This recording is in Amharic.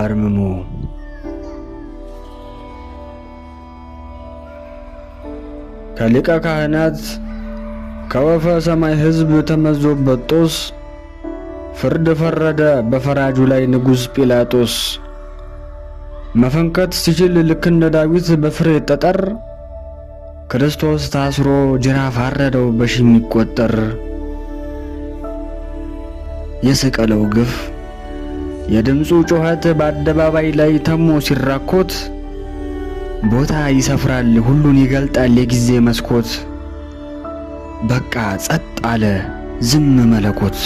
አርምሞ ከሊቀ ካህናት ከወፈ ሰማይ ሕዝብ ተመዞበት ጦስ ፍርድ ፈረደ በፈራጁ ላይ ንጉሥ ጲላጦስ መፈንከት ሲችል ልክ እንደ ዳዊት በፍሬ ጠጠር ክርስቶስ ታስሮ ጅራፍ አረደው በሺ የሚቆጠር የሰቀለው ግፍ የድምፁ ጩኸት በአደባባይ ላይ ተሞ ሲራኮት ቦታ ይሰፍራል፣ ሁሉን ይገልጣል የጊዜ መስኮት። በቃ ጸጥ አለ ዝም መለኮት።